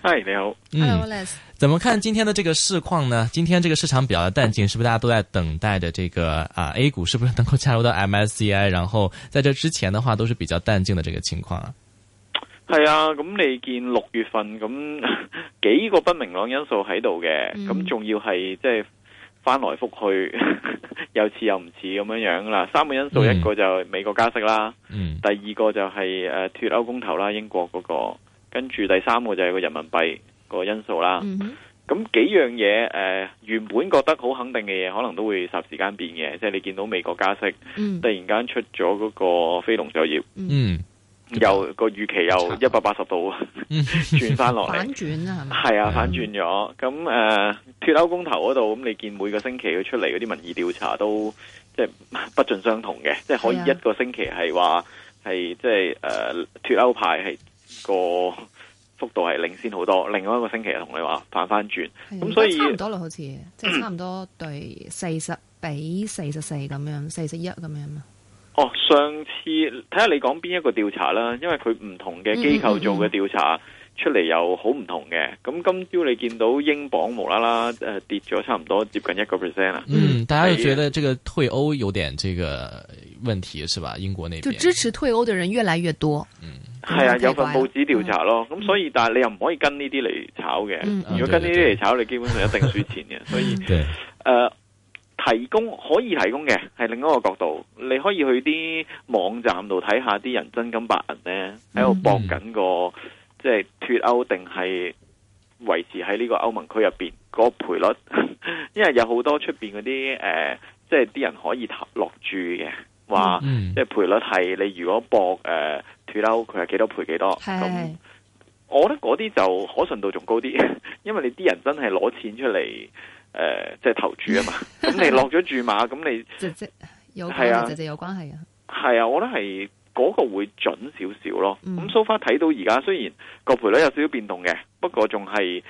.嗨，Hi，你好。Hello, Les。嗯，怎麼看今天的這個市況呢？今天這個市場比較淡靜，是不是大家都在等待着這個啊？A 股是不是能夠加入到 MSCI？然後在這之前的話，都是比較淡靜的這個情況啊。係啊、嗯，咁你見六月份咁幾個不明朗因素喺度嘅，咁仲要係即係翻來覆去，又似又唔似咁樣樣啦。三個因素，一個就美國加息啦，第二個就係誒脫歐公投啦，英國嗰個。跟住第三個就係個人民幣個因素啦。咁、嗯、哼幾樣嘢誒、呃，原本覺得好肯定嘅嘢，可能都會霎時間變嘅。即係你見到美國加息，嗯、突然間出咗嗰個非農就業嗯又個預期又一百八十度轉翻落嚟，反轉啦，係啊，反轉咗。咁誒，脫、呃、歐公投嗰度，咁你見每個星期佢出嚟嗰啲民意調查都即係不盡相同嘅，啊、即係可以一個星期係話即係誒脫歐派系個幅度係領先好多，另外一個星期同你話反翻轉，咁的所以差唔多咯，好似 即係差唔多對四十比四十四咁樣，四十一咁樣。哦，上次睇下你講邊一個調查啦，因為佢唔同嘅機構做嘅調查。嗯嗯嗯嗯嗯出嚟又好唔同嘅，咁今朝你見到英鎊無啦啦，誒跌咗差唔多接近一個 percent 啦。嗯，大家又覺得這個退歐有點這個問題，是吧？英國那邊支持退歐的人越來越多。嗯，係啊，有份報紙調查咯。咁、嗯、所以，但係你又唔可以跟呢啲嚟炒嘅。嗯、如果跟呢啲嚟炒，嗯、你基本上一定輸錢嘅。嗯、對對對，所以，誒 對、呃、提供可以提供嘅係另一個角度，你可以去啲網站度睇下啲人真金白銀呢，喺度搏緊個。嗯即係脫歐定係維持喺呢個歐盟區入邊個賠率，因為有好多出邊嗰啲誒，即係啲人可以投落注嘅，話即係賠率係你如果搏誒脫歐佢係幾多賠幾多，咁我覺得嗰啲就可信度仲高啲，因為你啲人真係攞錢出嚟誒，即係投注啊嘛，咁 你落咗注碼，咁 你姐姐有係啊，姐姐有關係啊，係啊的，我都係。嗰個會準少少咯，咁 so far 睇到而家雖然個賠率有少少變動嘅，不過仲係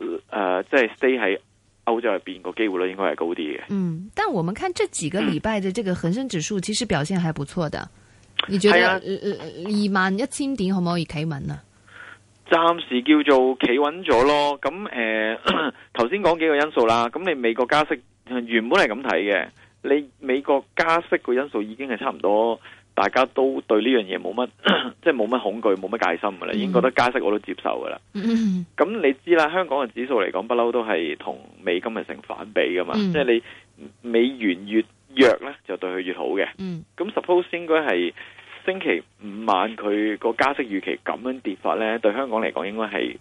誒即係 stay 喺歐洲入邊個機會率應該係高啲嘅。嗯，但我們看這幾個禮拜嘅這個恒生指數，其實表現還不錯的。你覺得二萬一千點可唔可以企穩啊？暫時叫做企穩咗咯。咁誒，頭先講幾個因素啦。咁你美國加息原本係咁睇嘅，你美國加息個因素已經係差唔多。大家都對呢樣嘢冇乜，即係冇乜恐懼，冇乜戒心㗎啦，mm hmm. 已經覺得加息我都接受㗎啦。咁、mm hmm. 你知啦，香港嘅指數嚟講，不嬲都係同美金係成反比㗎嘛，mm hmm. 即係你美元越弱呢，就對佢越好嘅。咁、mm hmm. suppose 應該係星期五晚佢個加息預期咁樣跌法呢，對香港嚟講應該係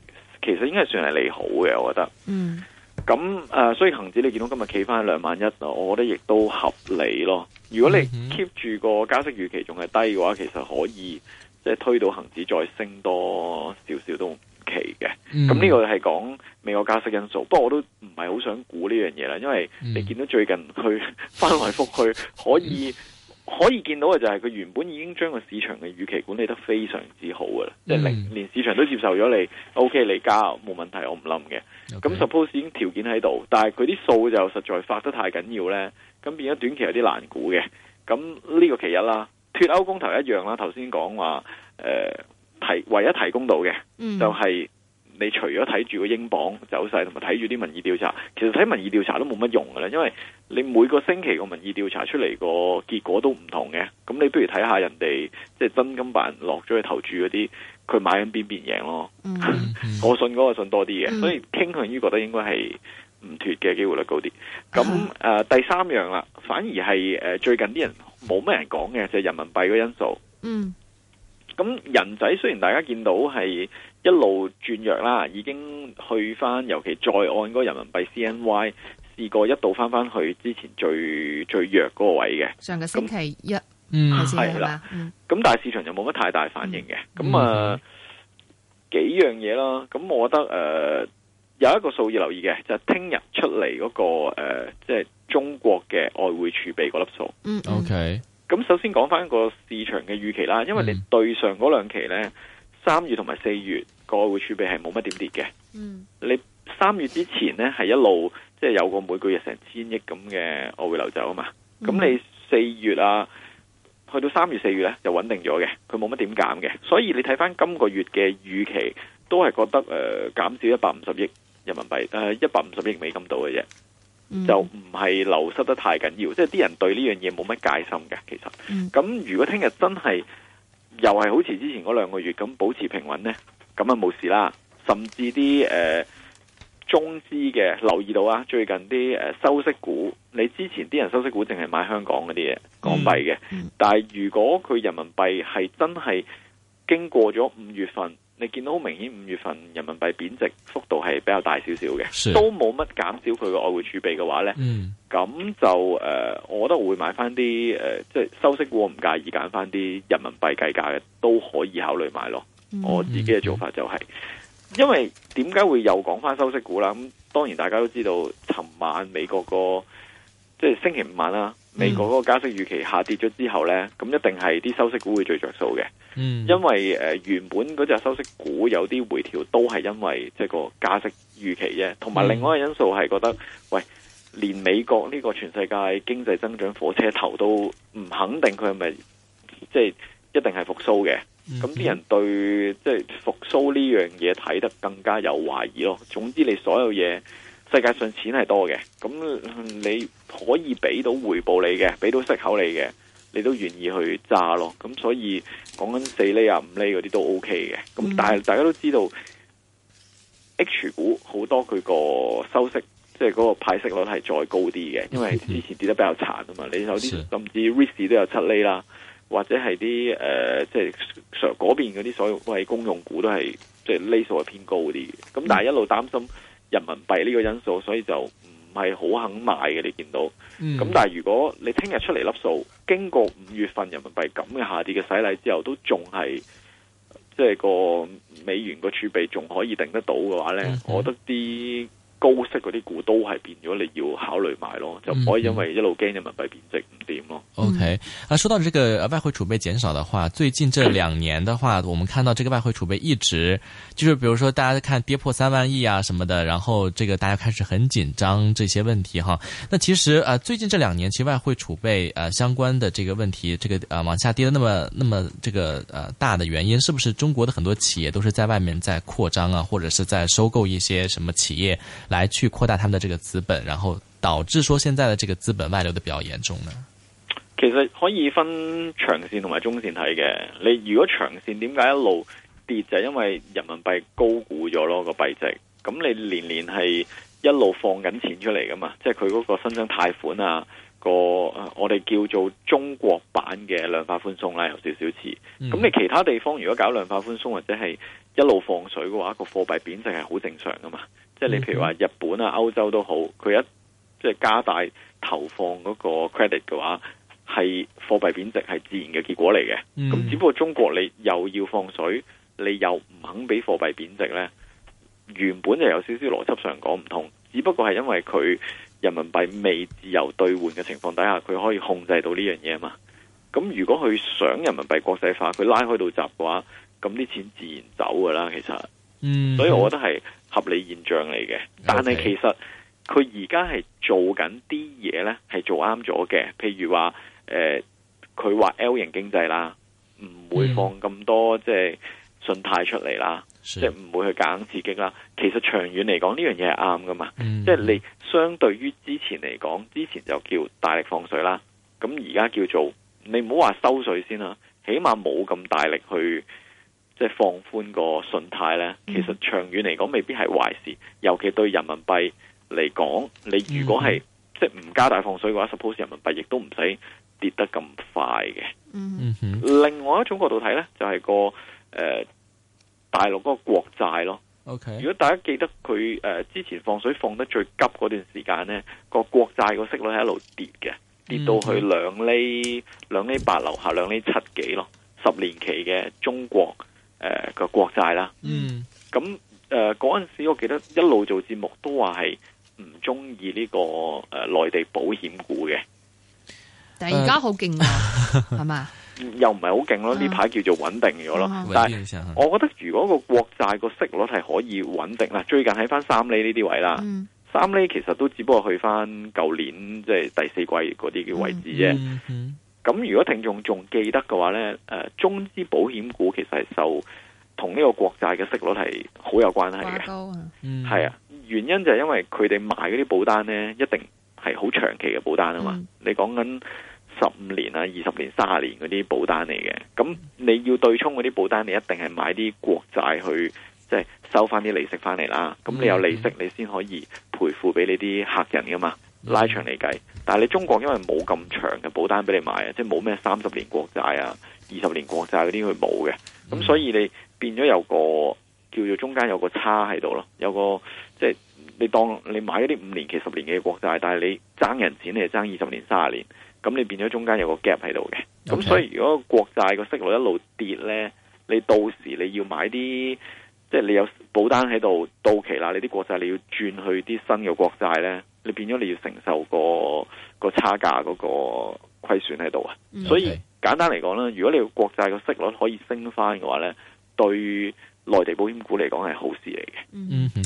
其實應該算係利好嘅，我覺得。Mm hmm. 咁誒、呃，所以恒指你見到今日企翻兩萬一，我覺得亦都合理咯。如果你 keep 住個加息預期仲係低嘅話，其實可以即係推到恒指再升多少少都唔奇嘅。咁呢、嗯、個係講美國加息因素，不過我都唔係好想估呢樣嘢啦，因為你見到最近佢翻來覆去可以。可以見到嘅就係佢原本已經將個市場嘅預期管理得非常之好嘅啦，嗯、即係連市場都接受咗你 OK 你加冇問題，我唔冧嘅。咁 Okay. suppose 已經條件喺度，但係佢啲數就實在發得太緊要呢。咁變咗短期有啲難估嘅。咁呢個其一啦，脱歐公投一樣啦，頭先講話、呃、提唯一提供到嘅就係、是。你除咗睇住個英鎊走勢，同埋睇住啲民意調查，其實睇民意調查都冇乜用㗎喇！因為你每個星期個民意調查出嚟個結果都唔同嘅。咁你不如睇下人哋即係真金白銀落咗去投注嗰啲，佢買緊邊邊贏咯。Mm hmm. 我信嗰個信多啲嘅，mm hmm. 所以傾向於覺得應該係唔脱嘅機會率高啲。咁誒、呃、第三樣啦，反而係、呃、最近啲人冇咩人講嘅，就係、是、人民幣嗰個因素。嗯、mm。Hmm. 咁人仔雖然大家見到係一路轉弱啦，已經去翻，尤其在岸嗰人民幣 CNY 試過一度翻翻去之前最最弱嗰個位嘅。上個星期一開始那嗯始係啦咁，但係市場就冇乜太大反應嘅。咁、嗯、啊幾樣嘢啦。咁我覺得誒、呃、有一個數要留意嘅，就係聽日出嚟嗰、那個誒，即、呃、係、就是、中國嘅外匯儲備嗰粒數。嗯、嗯，OK。咁首先講翻個市場嘅預期啦，因為你對上嗰兩期呢，三月同埋四月個外匯儲備係冇乜點跌嘅。嗯，你三月之前呢，係一路即係、就是、有個每個月成千億咁嘅外匯流走啊嘛。咁、嗯、你四月啊，去到三月四月呢就穩定咗嘅，佢冇乜點減嘅。所以你睇翻今個月嘅預期，都係覺得誒減、呃、少一百五十億人民幣誒一百五十億美金度嘅啫。就唔係流失得太緊要，嗯、即係啲人對呢樣嘢冇乜戒心嘅，其實。咁、嗯、如果聽日真係又係好似之前嗰兩個月咁保持平穩呢，咁啊冇事啦。甚至啲誒、呃、中資嘅留意到啊，最近啲誒收息股，你之前啲人收息股淨係買香港嗰啲嘢，港幣嘅。但係如果佢人民幣係真係經過咗五月份。你見到好明顯五月份人民幣貶值幅度係比較大少少嘅，的都冇乜減少佢嘅外匯儲備嘅話呢，咁、嗯、就誒、呃，我覺得我會買翻啲即係收息股，我唔介意揀翻啲人民幣計價嘅都可以考慮買咯。我自己嘅做法就係、是，嗯、因為點解會又講翻收息股啦？咁當然大家都知道，尋晚美國個即係星期五晚啦，美國嗰個加息預期下跌咗之後呢，咁、嗯、一定係啲收息股會最着數嘅。因為誒原本嗰隻收息股有啲回調都係因為即係個加息預期啫，同埋另外一個因素係覺得，喂，連美國呢個全世界經濟增長火車頭都唔肯定佢係咪即係一定係復蘇嘅，咁啲、嗯、人對即係、就是、復蘇呢樣嘢睇得更加有懷疑咯。總之你所有嘢，世界上錢係多嘅，咁你可以俾到回報你嘅，俾到息口你嘅。你都願意去揸咯，咁所以講緊四厘啊、五厘嗰啲都 OK 嘅。咁但係大家都知道，H 股好多佢個收息，即係嗰個派息率係再高啲嘅，因為之前跌得比較慘啊嘛。你有啲甚至瑞士都有七厘啦，或者係啲誒，即係嗰邊嗰啲所謂公用股都係，即係釐數係偏高啲嘅。咁但係一路擔心人民幣呢個因素，所以就。係好肯賣嘅，你見到咁。嗯。但係如果你聽日出嚟粒數，經過五月份人民幣咁嘅下跌嘅洗禮之後，都仲係即係個美元個儲備，仲可以定得到嘅話咧，嗯嗯，我覺得啲。高息嗰啲股都係變咗，你要考慮買咯，就唔可以因為一路驚人民幣貶值唔掂咯。OK，啊，說到這個外匯儲備減少的話，最近這兩年的話，是我們看到這個外匯儲備一直，就是，比如說大家看跌破三萬億啊，什麼的，然後這個大家開始很緊張這些問題哈。那其實啊，最近這兩年其實外匯儲備啊相關的這個問題，這個啊往下跌的那麼那麼這個呃大的原因，是不是中國的很多企業都是在外面在擴張啊，或者是在收購一些什麼企業？來去擴大他們的這個資本，然後導致說現在的這個資本外流的比較嚴重呢。其實可以分長線同埋中線睇嘅，你如果長線，點解一路跌，就因為人民幣高估咗咯個幣值，咁你年年係一路放緊錢出嚟噶嘛，即係佢嗰個新增貸款啊。個我哋叫做中國版嘅量化寬鬆啦，有少少似。咁你其他地方如果搞量化寬鬆或者係一路放水嘅話，個貨幣貶值係好正常噶嘛。即係你譬如話日本啊、歐洲都好，佢一即係加大投放嗰個 credit 嘅話，係貨幣貶值係自然嘅結果嚟嘅。咁只不過中國你又要放水，你又唔肯俾貨幣貶值呢，原本就有少少邏輯上講唔通。只不過係因為佢。人民幣未自由兌換嘅情況底下，佢可以控制到呢樣嘢嘛？咁如果佢想人民幣國際化，佢拉開到閘嘅話，咁啲錢自然走噶啦。其實，嗯、mm，hmm. 所以我覺得係合理現象嚟嘅。Okay. 但係其實佢而家係做緊啲嘢咧，係做啱咗嘅。譬如話，誒、呃，佢話 L 型經濟啦，唔會放咁多即係、就是、信貸出嚟啦。即係唔會去揀刺激啦，其實長遠嚟講呢樣嘢係啱噶嘛，嗯、哼即係你相對於之前嚟講，之前就叫大力放水啦，咁而家叫做你唔好話收水先啦，起碼冇咁大力去即係放寬個信貸咧，嗯、哼其實長遠嚟講未必係壞事，尤其對人民幣嚟講，你如果係即係唔加大放水嘅話、嗯、哼，suppose 人民幣亦都唔使跌得咁快嘅。嗯、哼另外一種角度睇咧，就係、是、個誒。呃大陸嗰個國債咯，Okay. 如果大家記得佢誒、呃、之前放水放得最急嗰段時間呢，個國債個息率係一路跌嘅，mm hmm. 跌到去兩厘、兩厘八樓下、兩厘七幾咯，十年期嘅中國誒個、呃、國債啦。嗯、mm，咁誒嗰陣時候我記得一路做節目都話係唔中意呢個誒、呃、內地保險股嘅，但係而家好勁啊，係嘛、uh？ 又唔係好勁咯，呢排叫做穩定咗咯。嗯、但係我覺得如果個國債個息率係可以穩定啦，嗯、最近喺翻三厘呢啲位啦，嗯、三厘其實都只不過去翻舊年即係、就是、第四季嗰啲嘅位置啫。咁、嗯嗯嗯、如果聽眾仲記得嘅話呢，誒、呃，中資保險股其實係受同呢個國債嘅息率係好有關係嘅，係啊，嗯、啊，原因就係因為佢哋買嗰啲保單呢，一定係好長期嘅保單啊嘛，嗯、你講緊。十五年啦、啊，二十年、三十年嗰啲保單嚟嘅，咁你要對沖嗰啲保單，你一定係買啲國債去，即係收翻啲利息翻嚟啦。咁你有利息，你先可以賠付俾你啲客人噶嘛？拉長嚟計，但係你中國因為冇咁長嘅保單俾你買啊，即係冇咩三十年國債啊、二十年國債嗰啲佢冇嘅，咁所以你變咗有個叫做中間有個差喺度咯，有個即係你當你買嗰啲五年期、十年嘅國債，但係你爭人錢你係爭二十年、三十年。咁你變咗中間有個 gap 喺度嘅，咁 Okay. 所以如果國債個息率一路跌呢，你到時你要買啲，即係你有保單喺度到期啦，你啲國債你要轉去啲新嘅國債呢，你變咗你要承受個個差價嗰個虧損喺度啊。Okay. 所以簡單嚟講啦，如果你個國債個息率可以升翻嘅話呢，對內地保險股嚟講係好事嚟嘅。嗯、mm。Hmm.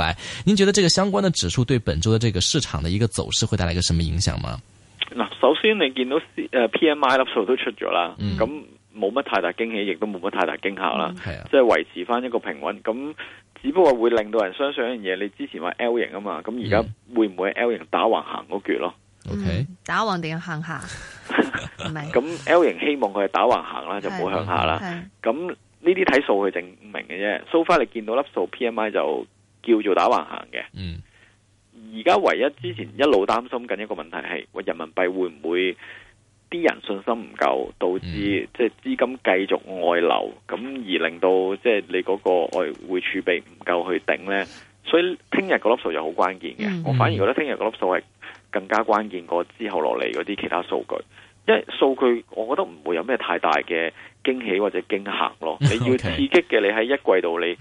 您覺得這個相關的指數對本周的這個市場的一個走勢會帶來一個什麼影響嗎？嗱，首先你見到 P M I 粒數都出咗啦，咁冇乜太大驚喜，亦都冇乜太大驚嚇啦，即係維持翻一個平穩。咁只不過會令到人相信一樣嘢，你之前話 L 型啊嘛，咁而家會唔會 L 型打橫行嗰橛咯？O K，打橫定向下？咁 L 型希望佢係打橫行啦，就冇向下啦。咁呢啲睇數去證明嘅啫，so far 你見到粒數 P M I 就。叫做打橫行嘅，而家唯一之前一路擔心緊一個問題係，喂，人民幣會唔會啲人信心唔夠，導致即係資金繼續外流，咁而令到即係你嗰個外匯儲備唔夠去頂呢。所以聽日嗰粒數又好關鍵嘅，我反而覺得聽日嗰粒數係更加關鍵過之後落嚟嗰啲其他數據，因為數據我覺得唔會有咩太大嘅。驚喜或者驚嚇咯，Okay. 你要刺激嘅，你喺一季度你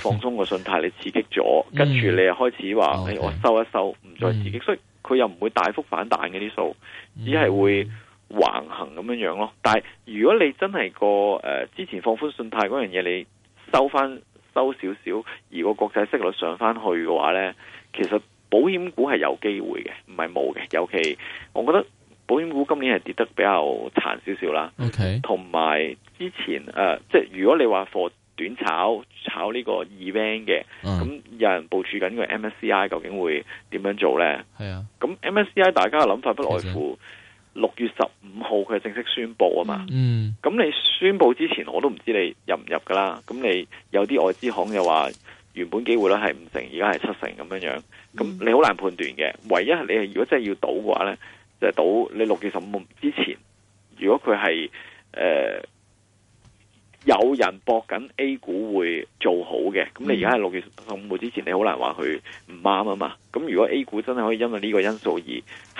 放鬆個信貸， 你刺激咗，跟住你又開始話，誒、mm hmm. 哎，我收一收，唔再刺激，mm hmm. 所以佢又唔會大幅反彈嗰啲數，只係會橫行咁樣樣咯。但係如果你真係個誒、呃、之前放寬信貸嗰樣嘢，你收翻收少少，而個國際息率上翻去嘅話呢，其實保險股係有機會嘅，唔係冇嘅，尤其我覺得。保險股今年係跌得比較殘少少啦。OK，同埋之前誒、呃，即係如果你話貨短炒炒呢個 event 嘅，咁、嗯、有人部署緊個 MSCI 究竟會點樣做咧？係啊，咁 MSCI 大家嘅諗法不外乎六、啊、月十五號佢正式宣佈啊嘛。嗯，咁你宣佈之前我都唔知你入唔入噶啦。咁你有啲外資行又話原本機會咧係五成，而家係七成咁樣樣。咁你好難判斷嘅。嗯、唯一係你係如果真係要賭嘅話咧。就到你六月十五號之前，如果佢係誒有人搏緊 A 股會做好嘅，咁你而家係六月十五號之前，你好難話佢唔啱啊嘛。咁如果 A 股真係可以因為呢個因素而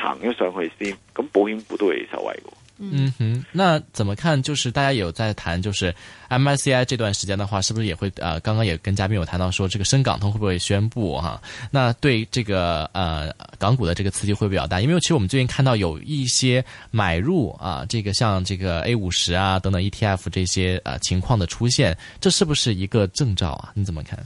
行咗上去先，咁保險股都會受惠嘅。嗯哼，那怎麼看？就是大家有在談，就是 M S C I 這段時間的話，是不是也會呃，剛剛也跟嘉賓有談到說，這個深港通會不會宣布哈、啊？那對這個呃港股的這個刺激會比較大，因為其實我們最近看到有一些買入啊，這個像這個 A 五十啊等等 E T F 這些呃、啊、情況的出現，這是不是一個徵兆啊？你怎麼看？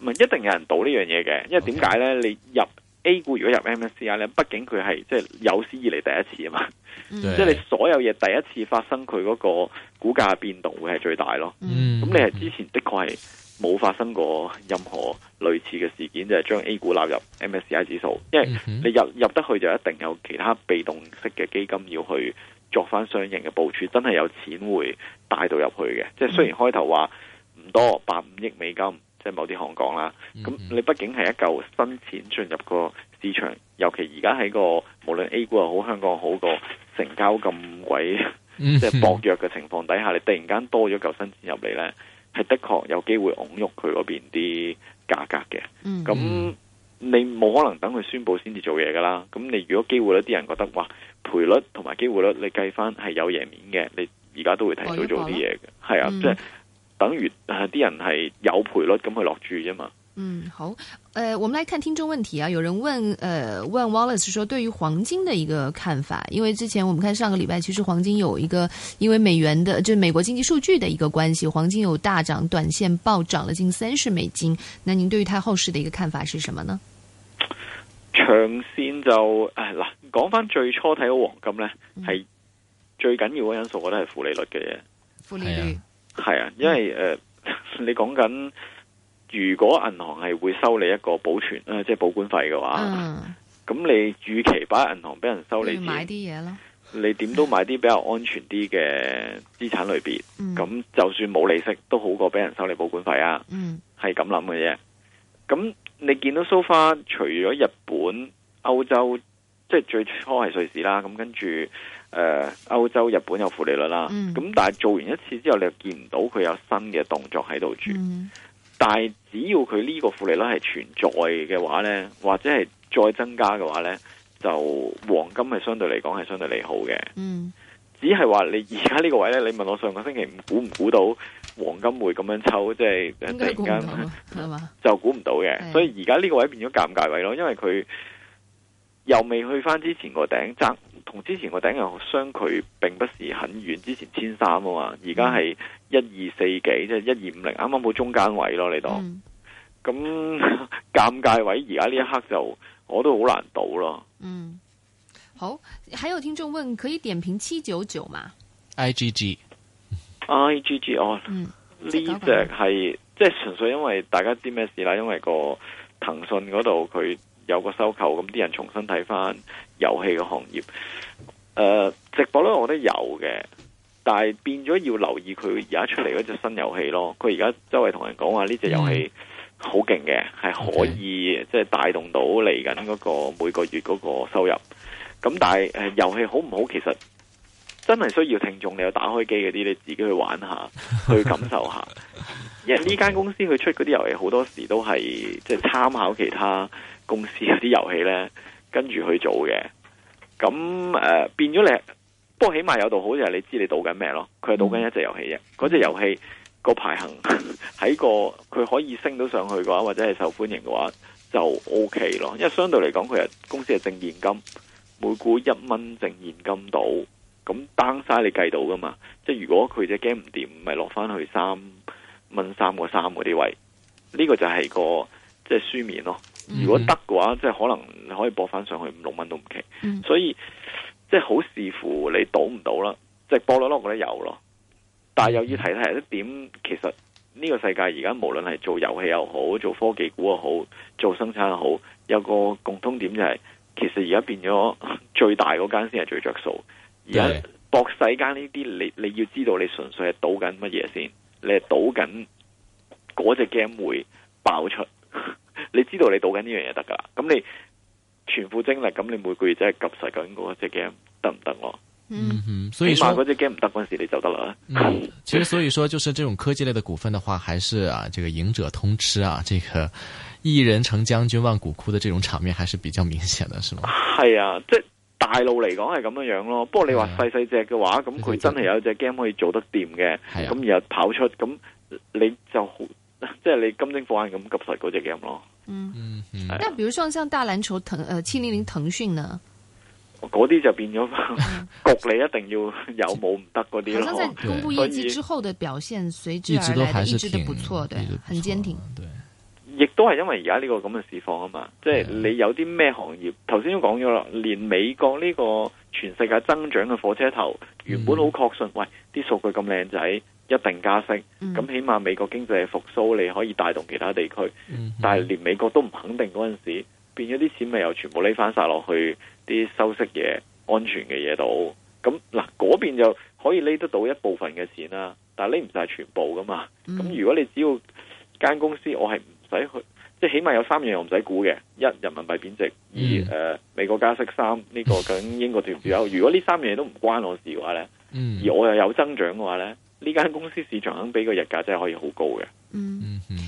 唔一定有人賭呢樣嘢嘅，因爲點解咧？你入。A 股如果入 MSCI 咧，畢竟佢係即係有史以嚟第一次啊嘛，即係、嗯、你所有嘢第一次發生，佢嗰個股價變動會係最大咯。咁、嗯、你係之前的確係冇發生過任何類似嘅事件，就係、是、將 A 股納入 MSCI 指數，嗯、哼因為你入入得去就一定有其他被動式嘅基金要去作翻相應嘅部署，真係有錢會帶到入去嘅。即、就、係、是、雖然開頭話唔多，百五億美金。即係某啲行講啦，咁你畢竟係一嚿新錢進入個市場，尤其而家喺個無論 A 股又好，香港好，個成交咁鬼 即係薄弱嘅情況底下，你突然間多咗嚿新錢入嚟呢，係的確有機會擁喐佢嗰邊啲價格嘅。咁你冇可能等佢宣佈先至做嘢噶啦。咁你如果機會率啲人覺得哇，賠率同埋機會率你計翻係有贏面嘅，你而家都會提早做啲嘢嘅。係、嗯、啊，即係、嗯。等於誒，啲、呃、人係有賠率咁去落注啫嘛。嗯，好。誒、呃，我們來看聽眾問題啊。有人問，呃，問 Wallace 說，對於黃金的一個看法，因為之前我們看上個禮拜，其實黃金有一個因為美元的，就美國經濟數據的一個關係，黃金有大漲，短線暴漲了近三十美金。那您對於它後市的一個看法是什麼呢？長線就誒嗱，講返最初睇到黃金呢，係、嗯、最緊要嘅因素，我覺得係負利率嘅嘢，負利率。係啊，因為誒、嗯呃，你講緊如果銀行係會收你一個保存、呃、即係保管費嘅話，咁、嗯、你預期擺喺銀行俾人收你錢，要買啲嘢咯。你點都買啲比較安全啲嘅資產類別，咁、嗯、就算冇利息，都好過俾人收你保管費啊。係係咁諗嘅啫。咁你見到 so far，除咗日本、歐洲，即係最初係瑞士啦，咁跟住。誒，歐、呃、洲、日本有負利率啦，咁、嗯、但係做完一次之後，你又見唔到佢有新嘅動作喺度住。嗯、但係只要佢呢個負利率係存在嘅話呢，或者係再增加嘅話呢，就黃金係相對嚟講係相對利好嘅。嗯、只係話你而家呢個位呢，你問我上個星期五估唔估到黃金會咁樣抽，即係突然間就估、係嘛、唔到嘅，所以而家呢個位變咗尷尬位咯，因為佢又未去翻之前個頂同之前個頂相距並不是很遠，之前千三啊嘛，而家係一二四幾，即係一二五零，啱啱冇中間位咯，你當咁尷、嗯、尬位置，而家呢一刻就我都好難倒咯。嗯，好，還有聽眾問，可以點評七九九嘛？IGG IGG 哦，呢隻係即係純粹因為大家知咩事啦，因為個騰訊嗰度佢。有個收購，咁啲人重新睇翻遊戲嘅行業。誒、呃，直播咧，我覺得有嘅，但係變咗要留意佢而家出嚟嗰隻新遊戲咯。佢而家周圍同人講話呢隻遊戲好勁嘅，係 Okay. 可以即係、就是、帶動到嚟緊嗰個每個月嗰個收入。咁但係誒遊戲好唔好其實？真係需要聽眾，你有打開機嗰啲，你自己去玩下，去感受下。因為呢間公司佢出嗰啲遊戲，好多時都係即係參考其他公司嗰啲遊戲呢，跟住去做嘅。咁誒、呃，變咗你，不過起碼有度，好似係你知你賭緊咩咯。佢係賭緊一隻遊戲嘅。嗰隻遊戲個排行喺個佢可以升到上去嘅話，或者係受歡迎嘅話，就 O K 咯。因為相對嚟講，佢係公司係淨現金，每股一蚊淨現金度。咁 down 晒你計到噶嘛？即係如果佢隻 game 唔掂，咪落翻去三蚊三個三嗰啲位，呢、這個就係個即係書面咯。嗯、如果得嘅話，即係可能可以搏翻上去五六蚊都唔奇。嗯、所以即係好視乎你賭唔賭啦。即係搏落落，覺得有咯。但係又要睇睇一點，其實呢個世界而家無論係做遊戲又好，做科技股又好，做生產又好，有個共通點就係、是，其實而家變咗最大嗰間先係最着數。博對世間呢啲，你你要知道你純粹係賭緊乜嘢，先？你係賭緊嗰隻 game 會爆出呵呵，你知道你賭緊呢樣嘢得噶啦。咁你全副精力，咁你每個月真係及實緊嗰隻 game 得唔得咯？嗯哼，所以你買嗰隻 game 唔得嗰陣時，你就得啦。嗯嗯，其實所以說，就是這種科技類嘅股份嘅話，還是啊，這個贏者通吃啊，這個一人成將軍，萬古枯的這種場面還是比較明顯的，是嗎？係啊，即。大路嚟講係咁樣樣咯，不過你話細細隻嘅話，咁佢、啊、真係有一隻 game 可以做得掂嘅，咁、啊、然後跑出，咁你就即係、就是、你金睛火眼咁急實嗰隻 game 咯、嗯。嗯嗯嗯。那比如說像大藍籌，騰，誒七零零騰訊呢？嗰啲就變咗，逼你一定要有冇唔得嗰啲。好像在公布業績之後的表現，對隨之而來一直，都還是一直都不錯的，對錯很堅挺。亦都係因為而家呢個咁嘅市況啊嘛，即係你有啲咩行業，頭先都講咗啦，連美國呢個全世界增長嘅火車頭，原本好確信，嗯、喂，啲數據咁靚仔，一定加息，咁、嗯、起碼美國經濟係復蘇，你可以帶動其他地區。嗯、但係連美國都唔肯定嗰陣時，變咗啲錢咪又全部匿翻晒落去啲收息嘢、安全嘅嘢度。咁嗱，嗰邊就可以匿得到一部分嘅錢啦，但係匿唔晒全部噶嘛。咁、嗯、如果你只要間公司，我係唔。使去，即係起碼有三樣唔使估嘅：一、人民幣貶值；二、嗯、誒、呃，美國加息三；三、這、呢個緊英國脱歐。如果呢三樣都唔關我事嘅話咧，嗯、而我又有增長嘅話咧，呢間公司市場肯俾個日價真係可以好高嘅。嗯嗯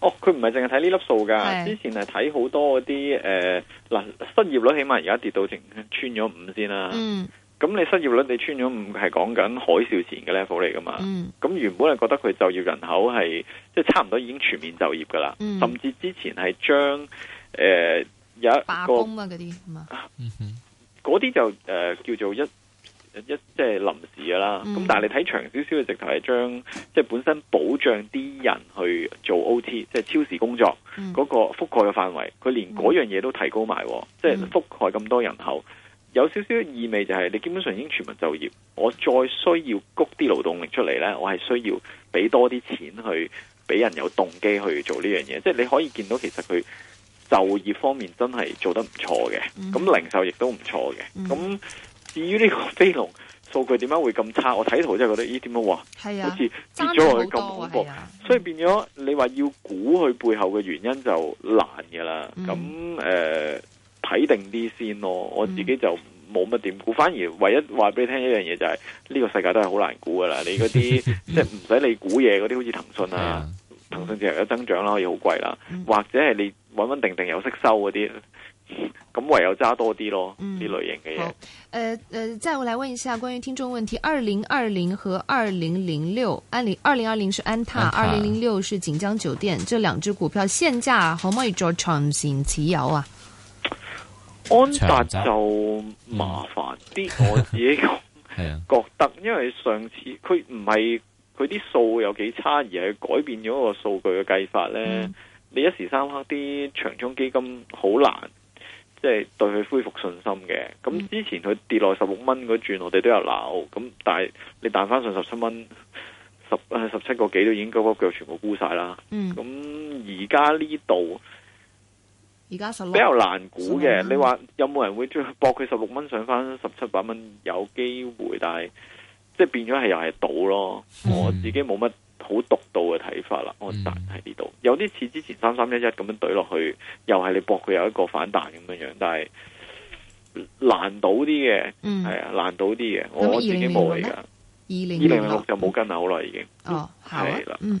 哦，佢唔係淨係睇呢粒數噶，的之前係睇好多嗰啲誒嗱失業率起碼而家跌到成穿咗五先啦。咁、嗯、你失業率你穿咗五係講緊海嘯前嘅 level 嚟噶嘛？咁、嗯、原本係覺得佢就業人口係即係差唔多已經全面就業噶啦，嗯、甚至之前係將誒有一個罷工啊啲，嗰啲、嗯、哼就誒、呃、叫做一。一即係臨時嘅啦，咁、嗯、但係你睇長少少嘅直頭係將即係本身保障啲人去做 OT，即係超時工作，嗰個覆蓋嘅範圍，佢連嗰樣嘢都提高埋，即係覆蓋咁多人口，有少少意味就係你基本上已經全民就業，我再需要谷啲勞動力出嚟呢，我係需要俾多啲錢去俾人有動機去做呢樣嘢，即係你可以見到其實佢就業方面真係做得唔錯嘅，咁零售亦都唔錯嘅，咁、嗯。至於呢個飛龍數據點解會咁差？我睇圖真係覺得咦，啊、點樣喎，好似跌咗落去咁恐怖，啊、所以變咗你話要估佢背後嘅原因就難㗎啦。咁誒睇定啲先咯。我自己就冇乜點估，嗯、反而唯一話俾你聽一樣嘢就係、是、呢、呢個世界都係好難估噶啦。你嗰啲即係唔使你估嘢嗰啲，好似騰訊啊，騰訊只係有增長啦，可以好貴啦，嗯、或者係你穩穩定定有息收嗰啲。咁唯有揸多啲咯，呢、嗯、類型嘅嘢。誒誒、呃呃，再我嚟問一下關於聽眾問題：二零二零和二零零六，安二零二零是安踏，二零零六是錦江酒店，這兩隻股票現價可唔可以做長線持有啊？安踏就麻煩啲，嗯、我自己講 覺得，因為上次佢唔係佢啲數有幾差，而係改變咗個數據嘅計法呢。嗯、你一時三刻啲長中基金好難。即係對佢恢復信心嘅，咁之前佢跌落十六蚊嗰轉，嗯、我哋都有鬧，咁但係你彈翻上十七蚊十十七個幾都已經嗰個腳全部沽晒啦，咁而家呢度比較難估嘅，十六蚊，你話有冇人會博佢十六蚊上翻十七八蚊有機會？但係即係變咗係又係賭咯，嗯、我自己冇乜。好獨到嘅睇法啦，安達喺呢度，有啲似之前三三一一咁樣懟落去，又係你搏佢有一個反彈咁樣樣，但係難倒啲嘅，係啊、嗯、難倒啲嘅，我自己冇嚟噶，二零二零零六就冇跟啦，好耐已經，嗯、哦，係啦、啊，的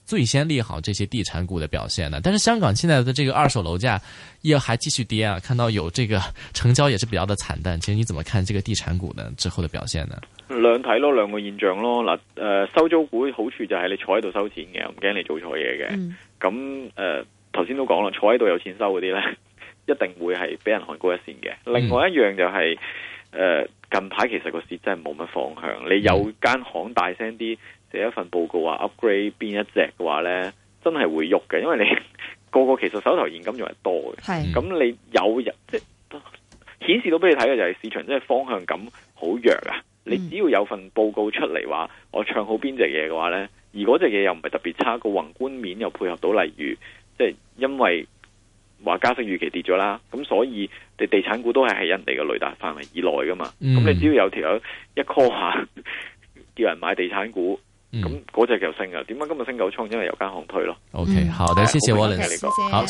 最先利好這些地產股的表現呢，但是香港現在的這個二手樓價又還繼續跌啊，看到有這個成交也是比較的慘淡。其實你怎麼看這個地產股呢？之後的表現呢？兩睇咯，兩個現象咯。嗱，誒，收租股好處就係你坐喺度收錢嘅，唔驚你做錯嘢嘅。咁誒、嗯，頭先、呃、都講啦，坐喺度有錢收嗰啲呢，一定會係俾人看高一線嘅。另外一樣就係、是，誒、嗯呃，近排其實個市真係冇乜方向，你有間行大聲啲。嗯寫一份報告話 upgrade 邊一隻嘅話呢，真係會喐嘅，因為你個個其實手頭現金仲係多嘅，咁是你有即係顯示到俾你睇嘅就係市場即係方向感好弱啊！你只要有份報告出嚟話我唱好邊隻嘢嘅話呢，而嗰隻嘢又唔係特別差，個宏觀面又配合到，例如即係因為話加息預期跌咗啦，咁所以地地產股都係喺人哋嘅雷達範圍以內噶嘛。咁、嗯、你只要有條友一 call 一下叫人買地產股。咁嗰隻就升㗎，點解今日升九倉？因為有間行推咯。O、okay, K，好，第四謝 Warren 嚟講。好。